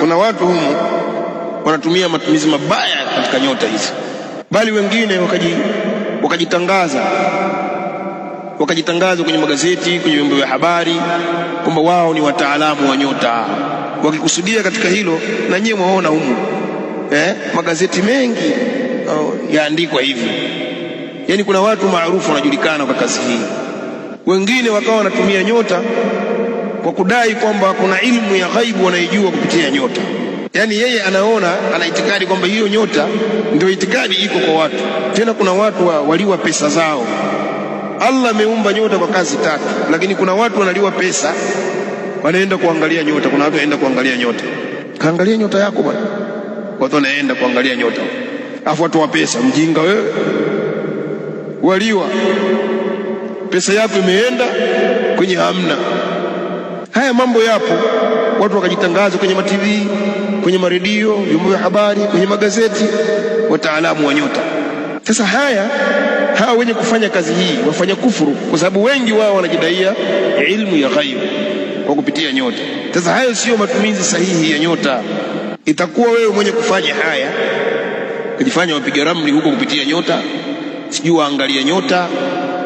kuna watu humu wanatumia matumizi mabaya katika nyota hizi, bali wengine wakajitangaza wakajitangaza kwenye magazeti, kwenye vyombo vya habari kwamba wao ni wataalamu wa nyota, wakikusudia katika hilo na nyewe mwaona humu eh, magazeti mengi oh, yaandikwa hivi. Yaani kuna watu maarufu wanajulikana kwa kazi hii, wengine wakawa wanatumia nyota kwa kudai kwamba kuna ilmu ya ghaibu wanaijua kupitia nyota. Yaani yeye anaona, ana itikadi kwamba hiyo nyota ndio itikadi iko kwa watu. Tena kuna watu wa, waliwa pesa zao. Allah ameumba nyota kwa kazi tatu, lakini kuna watu wanaliwa pesa, wanaenda kuangalia nyota. Kuna watu wanaenda kuangalia nyota, kaangalia nyota yako bwana. Watu wanaenda kuangalia nyota, afu watu wa pesa, mjinga wewe, waliwa pesa yako imeenda kwenye hamna Haya mambo yapo, watu wakajitangaza kwenye matv kwenye maredio, vyombo vya habari, kwenye magazeti, wataalamu wa nyota. Sasa haya hawa wenye kufanya kazi hii wafanya kufuru, kwa sababu wengi wao wanajidaia ilmu ya ghaibu kwa kupitia nyota. Sasa hayo siyo matumizi sahihi ya nyota. Itakuwa wewe mwenye kufanya haya kujifanya wapiga ramli huko kupitia nyota, sijui waangalia nyota,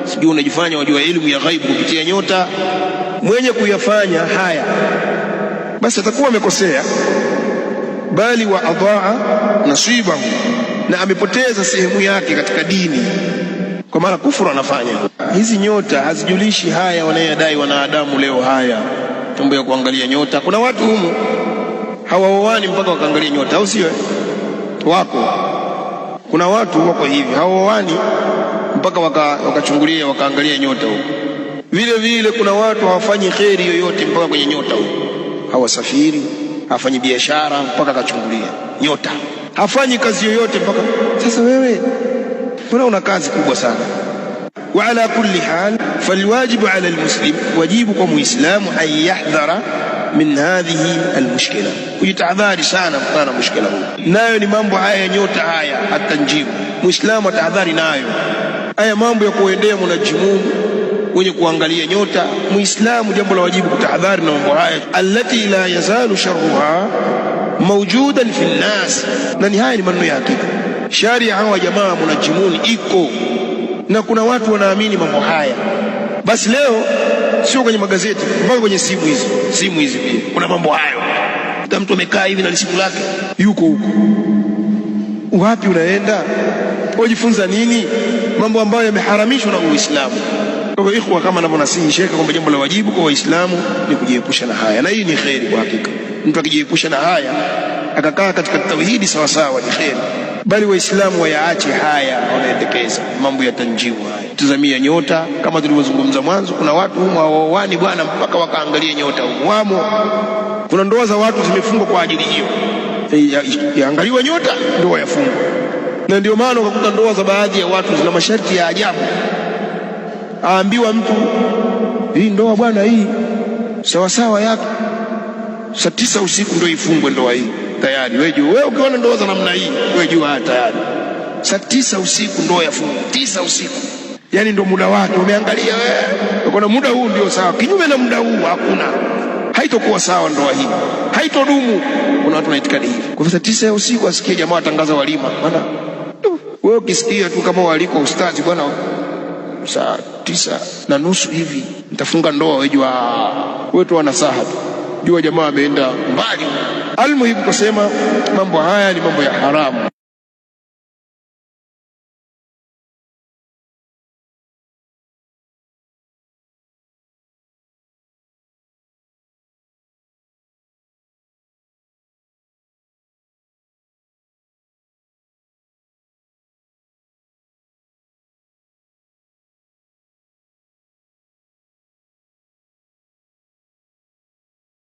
sijui unajifanya wajua ilmu ya ghaibu kupitia nyota mwenye kuyafanya haya basi atakuwa amekosea, bali wa adhaa nasibahu, na amepoteza sehemu yake katika dini, kwa maana kufuru anafanya. Hizi nyota hazijulishi haya wanayodai wanadamu leo, haya tumbo ya kuangalia nyota. Kuna watu humu hawaoani mpaka wakaangalia nyota, au sio? Wako, kuna watu wako hivi hawaoani mpaka wakachungulia waka wakaangalia nyota huko vile vile kuna watu hawafanyi kheri yoyote mpaka kwenye nyota huko, hawasafiri, hafanyi biashara mpaka akachungulia nyota, hafanyi kazi yoyote mpaka sasa. Wewe mbona una kazi kubwa sana? wa ala kulli hal falwajibu ala almuslim, wajibu kwa muislamu yahdhara min hadhihi almushkila, kujitahadhari sana kutokana na mushkila huu. Nayo ni mambo haya ya nyota haya, atanjimu muislamu atahadhari nayo, haya mambo ya kuendea mwanajimungu wenye kuangalia nyota. Muislamu, jambo la wajibu kutahadhari na mambo haya, allati la yazalu sharruha maujudan fi nnas. Na ni haya ni maneno ya hakika, shari ya hawa jamaa munajimuni iko na kuna watu wanaamini mambo haya. Basi leo sio kwenye magazeti, mpaka kwenye simu hizi, simu hizi pia kuna mambo hayo. Hata mtu amekaa hivi na simu lake yuko huko, wapi unaenda? Wajifunza nini mambo ambayo yameharamishwa na Uislamu? Kwa ikhwa, kama anavyonasihi shekhe kwamba jambo la wajibu kwa Waislamu ni kujiepusha na haya, na hii ni kheri kwa hakika. Mtu akijiepusha na haya akakaa katika tauhidi sawasawa, ni kheri, bali Waislamu wayaache haya, wanaendekeza mambo ya tanjimu haya. Tazamia nyota kama tulivyozungumza mwanzo, kuna watu humo hawaoani bwana mpaka wakaangalia nyota humo, wamo. Kuna ndoa za watu zimefungwa kwa ajili hiyo, yaangaliwe nyota ndoa yafungwa, na ndio maana ukakuta ndoa za baadhi ya watu zina masharti ya ajabu aambiwa mtu hii ndoa bwana, hii sawasawa yako, saa tisa usiku ndio ifungwe ndoa hii tayari. Wewe jua, wewe ukiona ndoa za namna hii, wewe jua tayari saa tisa usiku ndoa yafungwe, tisa usiku yani ndio muda wake. Umeangalia wewe kuna muda huu ndio sawa, kinyume na muda huu hakuna, haitokuwa sawa ndoa hii, haitodumu. Kuna watu wanaitikadi hivi, kwa saa tisa ya usiku asikie jamaa atangaza walima bwana. Wewe ukisikia tu kama waliko ustazi bwana, sawa tisa na nusu hivi nitafunga ndoa. Wejua wewe tu wanasaha jua jamaa ameenda mbali. Almuhimu kusema mambo haya ni mambo ya haramu.